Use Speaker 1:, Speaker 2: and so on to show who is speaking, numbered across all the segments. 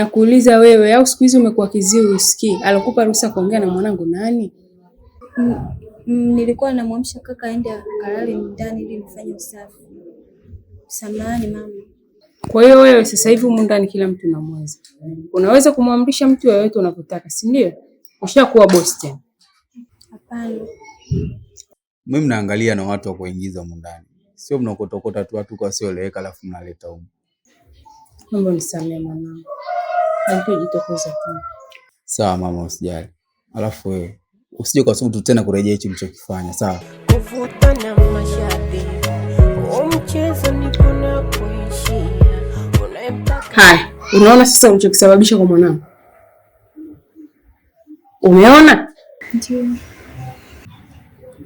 Speaker 1: na kuuliza wewe, au siku hizi umekuwa kiziwi usikii? Alikupa ruhusa kuongea na mwanangu nani?
Speaker 2: M, mm, m, mm, nilikuwa namwamsha kaka aende akalale ndani ili nifanye usafi. Samahani mama.
Speaker 1: Kwa hiyo wewe sasa hivi humu ndani kila mtu unamweza, unaweza kumwamrisha mtu yeyote unavyotaka, si ndio? Ushakuwa boss tena.
Speaker 2: Hapana.
Speaker 3: Mimi mnaangalia na watu wa kuingiza humu ndani, sio mnakotokota tu watu kwa sio leweka, alafu mnaleta humu.
Speaker 1: Mambo nisamee mwanangu alichojitokeza tu.
Speaker 3: Sawa mama, usijali. Alafu wewe usije kwa sababu tena kurejea hicho ulichokifanya, sawa? Kufuta na mashabiki.
Speaker 1: Mchezo niko kuna kuishia. Haya, unaona sasa ulichokisababisha kwa mwanangu? Umeona? Ndio.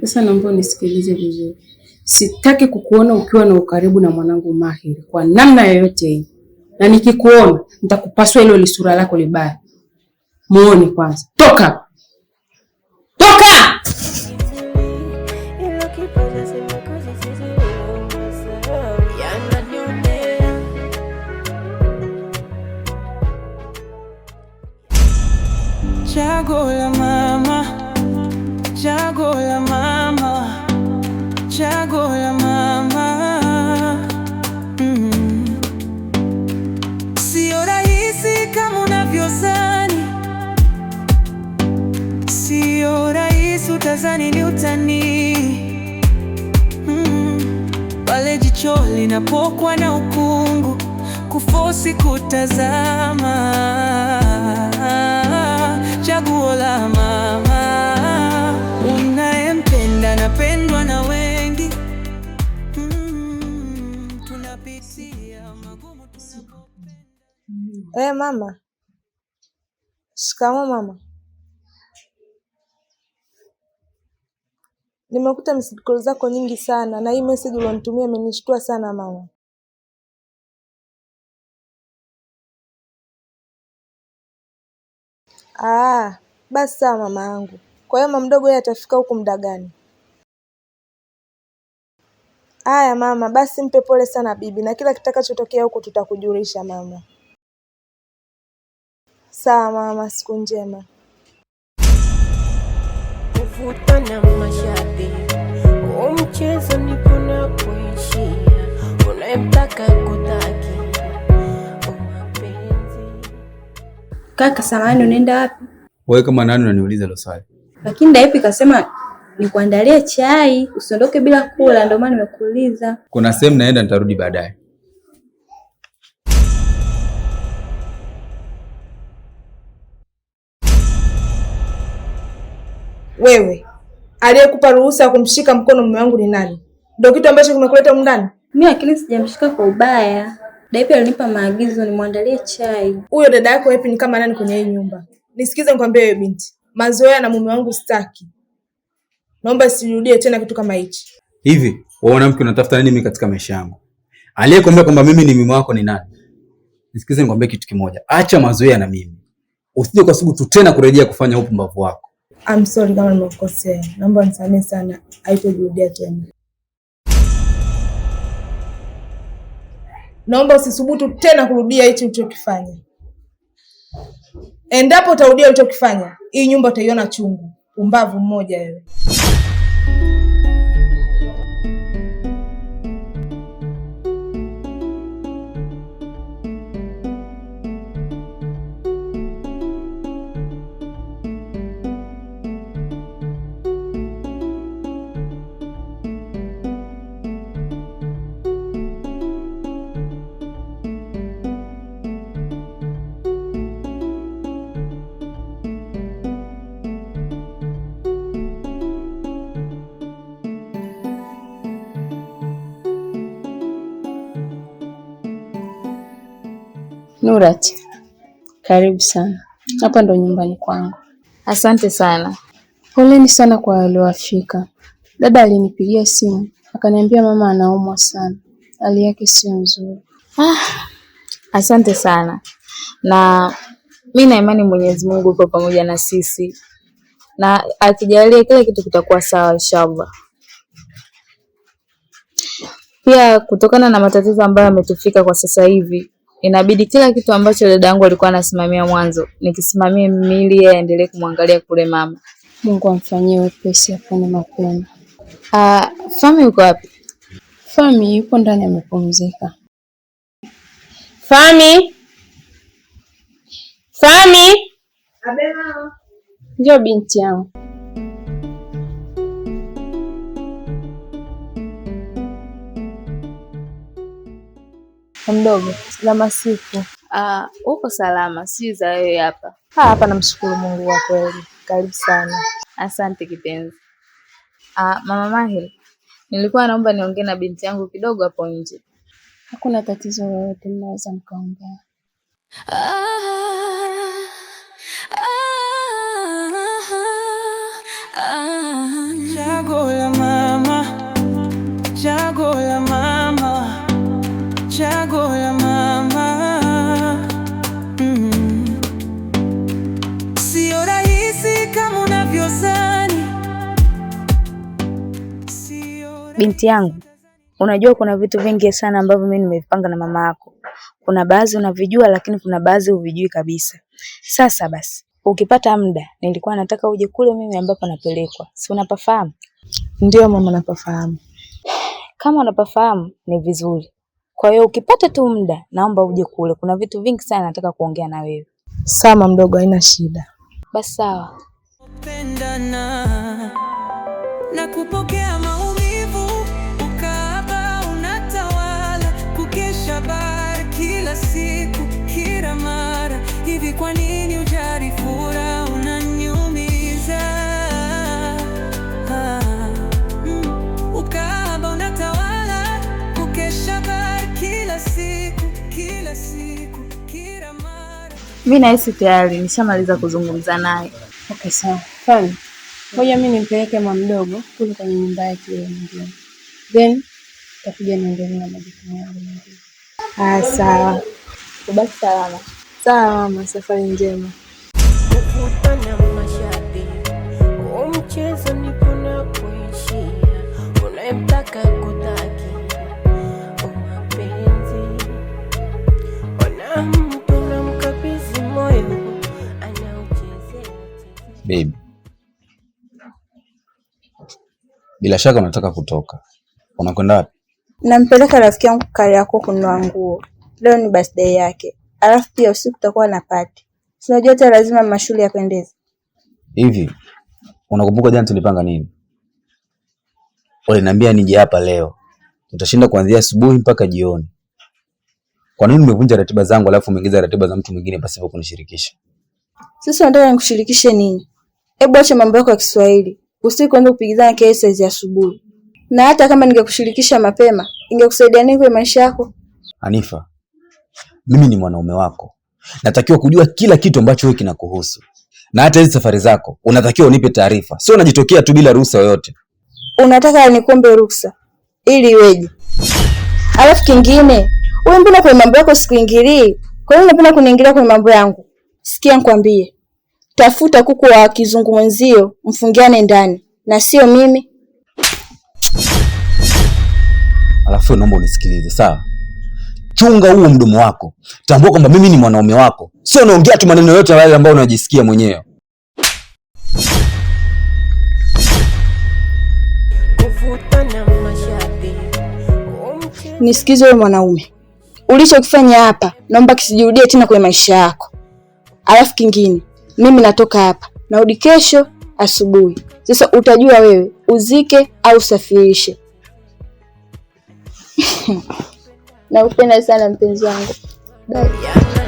Speaker 1: Sasa naomba unisikilize vizuri. Sitaki kukuona ukiwa na ukaribu na mwanangu Mahiri kwa namna yoyote hii na nikikuona nitakupasua hilo lisura lako libaya. Muone kwanza, toka toka. Chaguo la mama Nadhani ni utani mm, jicho linapokuwa na ukungu, kufosi kutazama. Chaguo la mama unayempenda, napendwa na wengi mm, tunapitia magumu Hey, eh, mama. Shikamoo mama. Nimekuta missed call zako nyingi sana na hii message ulionitumia imenishtua sana mama. Ah, basi sawa mama yangu. Kwa hiyo mama mdogo yeye atafika huku muda gani? Aya mama, basi mpe pole sana bibi, na kila kitakachotokea huku tutakujulisha mama. Sawa mama, siku njema. Kuvutwa na masharti mchezo ni kuna kuishia, unayemtaka kutaki mapenzi. Kaka samani, unaenda wapi
Speaker 3: wewe? Kama nani unaniuliza hilo swali?
Speaker 1: Lakini Daipi kasema nikuandalie chai usiondoke bila kula, ndio maana nimekuuliza.
Speaker 3: Kuna sehemu naenda, nitarudi baadaye.
Speaker 1: Wewe aliyekupa ruhusa ya kumshika mkono mume wangu ni nani? Ndio kitu ambacho kimekuleta huko ndani?
Speaker 2: Mimi lakini sijamshika kwa ubaya. Daipi alinipa maagizo nimwandalie chai.
Speaker 1: Huyo dada yako Epi ni kama nani kwenye hii nyumba? Nisikize nikwambie wewe binti. Mazoea na mume wangu sitaki. Naomba sirudie tena kitu kama hichi.
Speaker 3: Hivi, wewe mwanamke unatafuta nini mimi katika maisha yangu? Aliyekuambia kwamba mimi ni mume wako ni nani? Nisikize nikwambie kitu kimoja. Acha mazoea na mimi. Usije kwa sugu tu tena kurejea kufanya upumbavu wako.
Speaker 1: I'm sorry kama nimekukosea, naomba nisamehe sana, haitojirudia tena. Naomba usisubutu tena kurudia hichi ulichokifanya. Endapo utarudia ulichokifanya, hii nyumba utaiona chungu. Umbavu mmoja wewe.
Speaker 4: Nurat, karibu sana. Hapa ndo nyumbani kwangu.
Speaker 5: Asante sana. Poleni sana kwa walioafika. Dada alinipigia simu akaniambia mama anaumwa sana, hali yake sio nzuri.
Speaker 4: Ah, asante sana, na mi na imani Mwenyezi Mungu yuko pamoja na sisi, na akijalia kila kitu kitakuwa sawa inshallah. Pia kutokana na matatizo ambayo yametufika kwa sasa hivi, Inabidi kila kitu ambacho dada yangu alikuwa anasimamia mwanzo nikisimamie mimi yeye aendelee kumwangalia kule mama.
Speaker 5: Mungu amfanyie wepesi, afanye mapema.
Speaker 4: Ah, Fami uko wapi?
Speaker 5: Fami yuko ndani amepumzika.
Speaker 4: Fami, Fami, njoo binti yangu. Mdogo, salama siku. Ah, uko salama? si za wewe hapa?
Speaker 5: Hapa namshukuru Mungu kwa kweli. Karibu sana. Asante kipenzi.
Speaker 4: Ah, mama Mahil, nilikuwa naomba niongee na binti yangu kidogo hapo nje.
Speaker 5: Hakuna tatizo lolote, mnaweza mkaongea. Ah,
Speaker 4: binti yangu, unajua kuna vitu vingi sana ambavyo mimi nimevipanga na mama yako. Kuna baadhi unavijua, lakini kuna baadhi huvijui kabisa. Sasa basi, ukipata muda, nilikuwa nataka uje kule mimi ambapo napelekwa, si unapafahamu?
Speaker 5: Ndio mama, napafahamu.
Speaker 4: Kama unapafahamu ni vizuri. Kwa hiyo ukipata tu muda, naomba uje kule, kuna vitu vingi sana nataka kuongea na wewe.
Speaker 5: Sama mdogo, haina shida.
Speaker 4: Basi sawa. na Nakupokea Mi nahisi tayari nishamaliza kuzungumza naye. Okay, sawa. Fanya. Ngoja mimi nimpeleke mwa mdogo kule kwenye nyumba yake ile nyingine. Then takuja niendelee na majukumu yangu mengine.
Speaker 5: Ah, sawa.
Speaker 4: Ubaki salama.
Speaker 5: Sawa mama, safari njema. mashabiki. Mchezo nipo na kuishia Unaemtaka
Speaker 3: baby, bila shaka unataka kutoka. Unakwenda wapi?
Speaker 4: Nampeleka rafiki yangu Kariakoo kununua nguo, leo ni birthday yake, alafu pia usiku tutakuwa na party. Si unajua hata lazima mashule yapendeze.
Speaker 3: Hivi unakumbuka jana tulipanga nini? Uliniambia nije hapa leo, utashinda kuanzia asubuhi mpaka jioni. Kwa nini umevunja ratiba zangu alafu umeingiza ratiba za mtu mwingine pasipo kunishirikisha?
Speaker 4: Sasa unataka nikushirikishe nini? Hebu acha mambo yako ya Kiswahili, usitaki kuenda kupigizana kelele saa asubuhi. Na hata kama ningekushirikisha mapema, ingekusaidia nini kwa maisha yako?
Speaker 3: Hanifa, mimi ni mwanaume wako, natakiwa kujua kila kitu ambacho wewe kinakuhusu, na hata hizi safari zako unatakiwa unipe taarifa, sio unajitokea tu bila ruhusa yoyote.
Speaker 4: Unataka nikuombe ruhusa ili iweje? Alafu kingine, wewe mbona kwenye mambo yako sikuingilii? Kwa nini unapenda kuniingilia kwenye mambo yangu? Sikia nikwambie, Tafuta kuku wa kizungu mwenzio mfungiane ndani na sio mimi.
Speaker 3: Alafu naomba unisikilize sawa? Chunga huo mdomo wako, tambua kwamba mimi ni mwanaume wako, sio unaongea tu maneno yote yale ambayo unajisikia mwenyewe.
Speaker 4: Nisikize wewe mwanaume, ulichokifanya hapa naomba kisijirudie tena kwenye maisha yako. Alafu kingine mimi natoka hapa, narudi kesho asubuhi. Sasa utajua wewe uzike au safirishe. naupenda sana mpenzi wangu. Bye.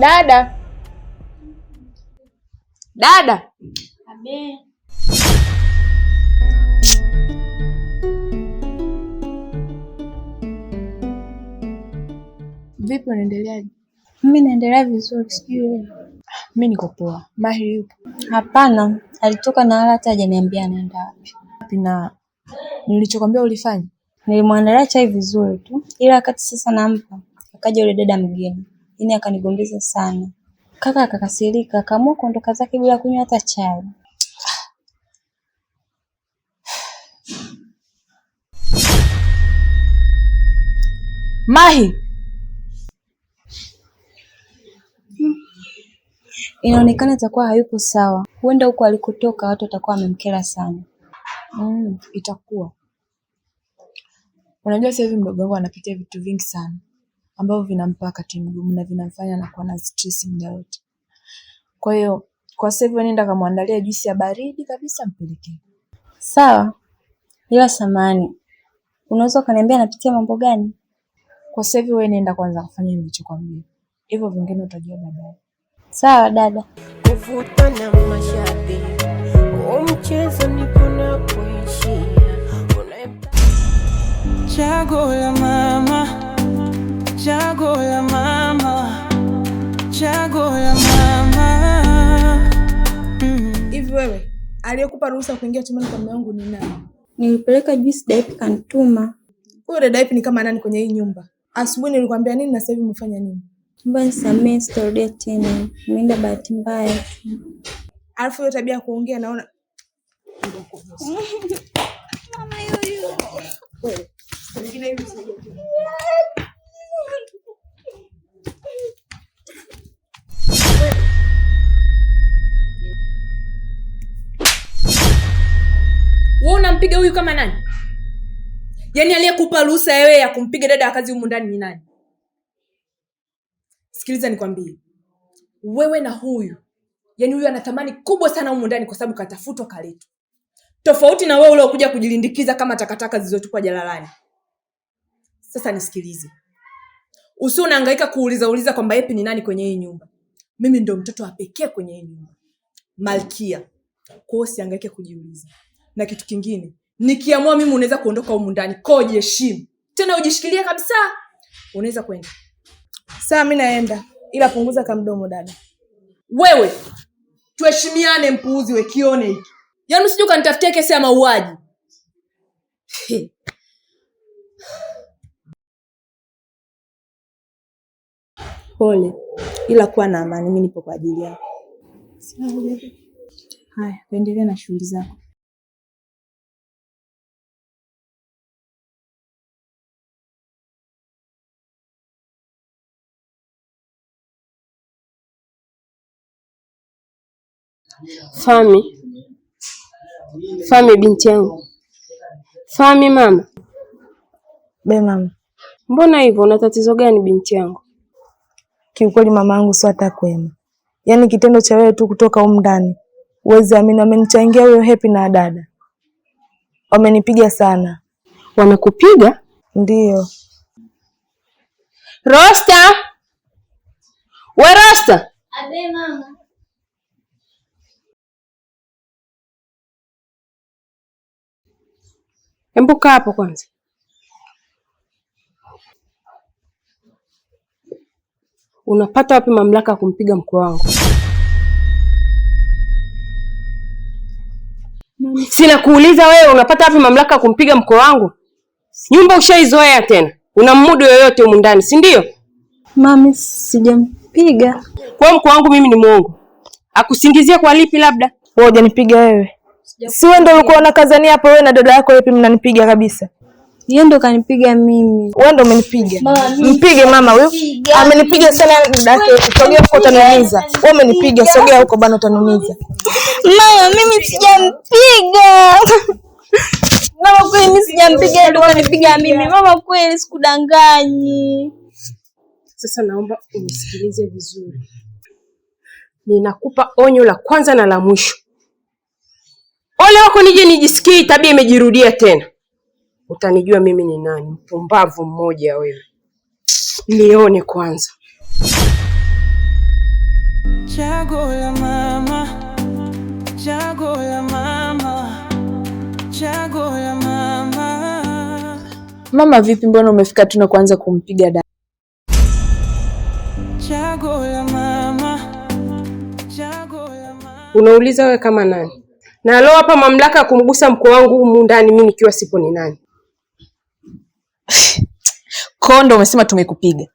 Speaker 4: Dada, dada, Abe.
Speaker 5: Vipi, unaendeleaje?
Speaker 2: Mimi naendelea vizuri, sijui
Speaker 5: mimi niko poa. Mahiri yupo?
Speaker 2: Hapana, alitoka na wala hata hajaniambia anaenda
Speaker 5: wapi. Na nilichokwambia ulifanya?
Speaker 2: Nilimwandalia chai vizuri tu, ila wakati sasa nampa akaja yule dada mgeni. Yaani akanigombeza sana. Kaka akakasirika, akaamua kuondoka zake bila kunywa hata chai. Mahi, inaonekana atakuwa hayupo sawa. Huenda huko alikotoka watu watakuwa wamemkera sana.
Speaker 5: Mm, itakuwa. Unajua sasa hivi mdogo wangu anapitia vitu vingi sana ambavyo vinampa wakati mgumu na vinamfanya anakuwa na stress muda wote. Kwa hiyo kwa sasa hivi nenda kamwandalia juisi ya baridi kabisa mpelekee.
Speaker 2: Sawa, ila samani, unaweza kaniambia anapitia mambo gani?
Speaker 5: Kwa sasa hivi wewe nenda kwanza kufanya mimi. hivyo vingine utajua baadaye.
Speaker 2: Sawa dada. Kuvuta na mashati mchezo kuna kuishia. Chaguo
Speaker 1: la mama Chaguo la mama, chaguo la mama. Mm. Hivi wewe, aliyekupa ruhusa kuingia chumbani kwa mume wangu ni nani?
Speaker 2: Nilipeleka juisi Daipi kanituma.
Speaker 1: Huyo dada Daipi ni kama nani kwenye hii nyumba? Asubuhi nilikwambia nini na sasa hivi umefanya nini?
Speaker 2: Mbona nisamehe, sitarudia tena. Nimeenda bahati mbaya.
Speaker 1: Alafu hiyo tabia ya kuongea naona mama yoyo. Wewe, sasa hivi Wewe unampiga huyu kama nani? Yaani aliyekupa ruhusa wewe ya kumpiga dada wa kazi humu ndani ni nani? Sikiliza nikwambie, wewe na huyu, yaani huyu anatamani kubwa sana humu ndani, kwa sababu katafutwa, kaletwa, tofauti na wewe ule ukuja kujilindikiza kama takataka zilizotupwa jalalani. Sasa nisikilize, usio unahangaika kuuliza uliza kwamba yepi ni nani kwenye hii nyumba. Mimi ndo mtoto wa pekee kwenye hii nyumba, Malkia. Kwa hiyo usihangaike kujiuliza na kitu kingine, nikiamua mimi unaweza kuondoka humu ndani. heshima, tena, ujishikilie kabisa. Unaweza kwenda saa, mimi naenda, ila punguza kamdomo dada. Wewe tuheshimiane, mpuuzi we, kione hiki yaani, usije ukanitafutia kesi ya mauaji.
Speaker 4: Pole, ila kuwa na amani, mimi nipo kwa ajili yako.
Speaker 5: Haya, tuendelee na shughuli zako.
Speaker 4: fami fami binti yangu, fami mama. Be mama, mbona hivyo? Una tatizo gani binti yangu?
Speaker 5: Kiukweli mama yangu, sio hata kwema, yaani kitendo cha wewe tu kutoka huko ndani, uwezi amini, wamenichangia huyo Hepi na dada, wamenipiga sana.
Speaker 1: Wamekupiga? Ndiyo. Rosta, we Rosta.
Speaker 6: Abe mama
Speaker 1: Hebu kaa hapo kwanza. Unapata wapi mamlaka ya kumpiga mkwe wangu? Sina kuuliza wewe, unapata wapi mamlaka ya kumpiga mkwe wangu? Nyumba ushaizoea tena, una mudu yoyote humu ndani, si ndio?
Speaker 2: Mami, sijampiga.
Speaker 1: Kwa mkwe wangu mimi ni mwongo, akusingizie kwa lipi? Labda wewe hujanipiga wewe Si wewe ndio ulikuwa unakazania hapo, wewe na dada yako yapi? Mnanipiga kabisa.
Speaker 2: Yeye ndo kanipiga mimi.
Speaker 1: Wewe ndo umenipiga. Mpige mama huyo. Amenipiga ah, sana dada yake. Sogea huko utanumiza. Wewe umenipiga, sogea huko bana utanumiza.
Speaker 2: Mama mimi sijampiga. Mama kweli mimi sijampiga, ndio kanipiga mimi. Mama kweli sikudanganyi.
Speaker 1: Sasa naomba unisikilize vizuri. Ninakupa onyo la kwanza na la mwisho. Ole wako nije nijisikie tabia imejirudia tena, utanijua mimi ni nani. Mpumbavu mmoja wewe, nione kwanza. Chaguo la mama, chaguo la mama, chaguo la mama. Mama vipi, mbona umefika tu na kuanza kumpiga da? Chaguo la mama, chaguo la mama. Unauliza wewe kama nani? na alowapa mamlaka ya kumgusa mko wangu humu ndani, mimi nikiwa sipo ni nani? Kondo, umesema tumekupiga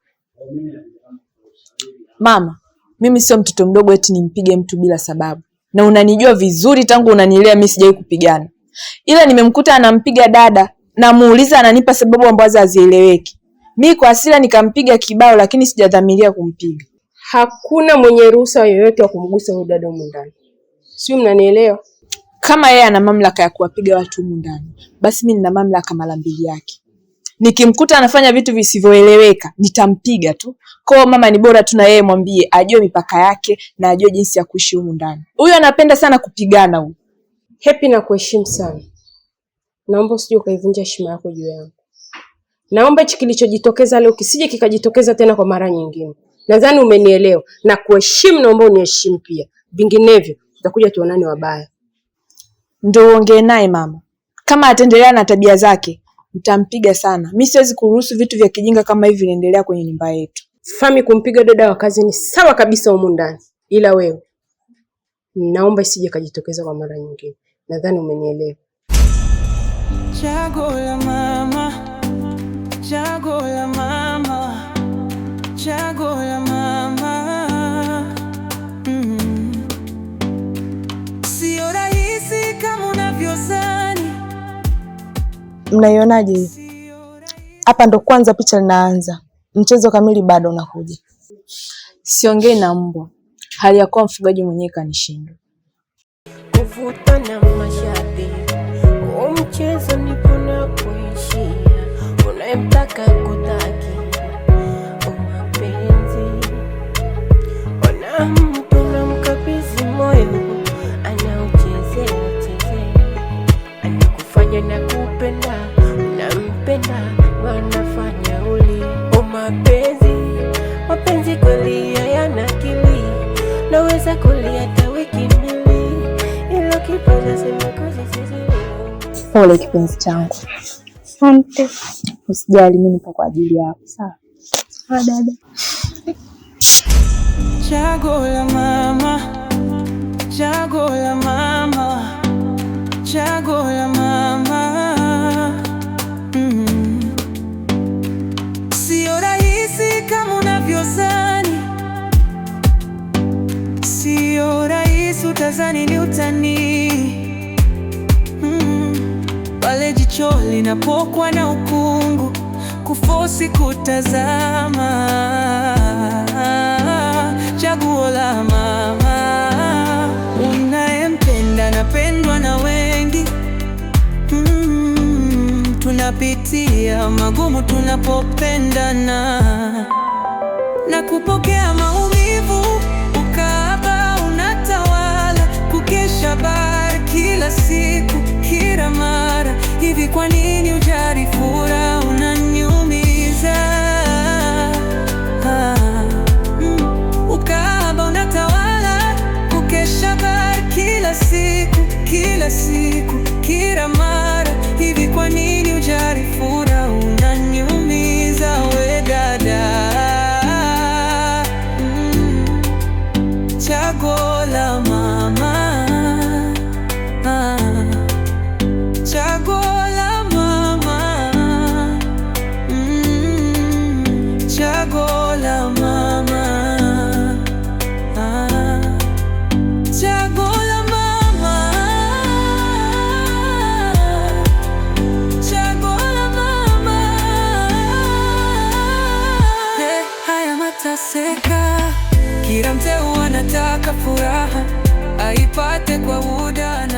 Speaker 1: mama? Mimi sio mtoto mdogo eti nimpige mtu bila sababu, na unanijua vizuri, tangu unanilea mimi sijawahi kupigana, ila nimemkuta anampiga dada, namuuliza, ananipa sababu ambazo hazieleweki. Mi kwa asila nikampiga kibao, lakini sijadhamiria kumpiga. Hakuna mwenye ruhusa yoyote wa kumgusa huyu dada humu ndani, sio? Mnanielewa? Kama yeye ana mamlaka ya kuwapiga watu humu ndani, basi mimi nina mamlaka mara mbili yake. Nikimkuta anafanya vitu visivyoeleweka nitampiga tu. Kwa mama, ni bora tu na yeye mwambie ajue mipaka yake na ajue jinsi ya kuishi humu ndani. Huyu anapenda sana kupigana huyu.
Speaker 5: Happy, na kuheshimu sana, naomba usije ukaivunja heshima yako juu yangu.
Speaker 1: Naomba hichi kilichojitokeza leo kisije kikajitokeza tena kwa mara nyingine. Nadhani umenielewa na kuheshimu, naomba uniheshimu pia, vinginevyo tutakuja tuonane wabaya ndo uongee naye mama. Kama ataendelea na tabia zake mtampiga sana. Mi siwezi kuruhusu vitu vya kijinga kama hivi vinaendelea kwenye nyumba yetu. Fami kumpiga dada wa kazi ni sawa kabisa humu ndani, ila wewe naomba isije kajitokeza kwa mara nyingine. Nadhani umenielewa. Chaguo la mama, chaguo la mama, chaguo la mama.
Speaker 5: Mnaionaje? Hapa ndo kwanza picha linaanza, mchezo kamili bado unakuja. Siongei na mbwa, hali ya kuwa mfugaji mwenyewe kanishinda. Kuvutana mashati. mchezo ni kuna kuishia, unaemtaka kuta kipenzi changu.
Speaker 2: Asante.
Speaker 5: Usijali, mimi nipo kwa ajili yako. Sawa.
Speaker 2: Sawa dada. Chago la mama. Chago la mama. Chago la mama. Mm. Sio rahisi kama unavyozani. Sio rahisi utazani Jicho linapokwa na ukungu, kufosi kutazama. Chaguo la mama, unayempenda napendwa na wengi. Mm, tunapitia magumu tunapopendana na kupokea maumivu, ukaba unatawala, kukesha bar kila siku mara hivi kwa nini
Speaker 7: baraka, furaha aipate kwa muda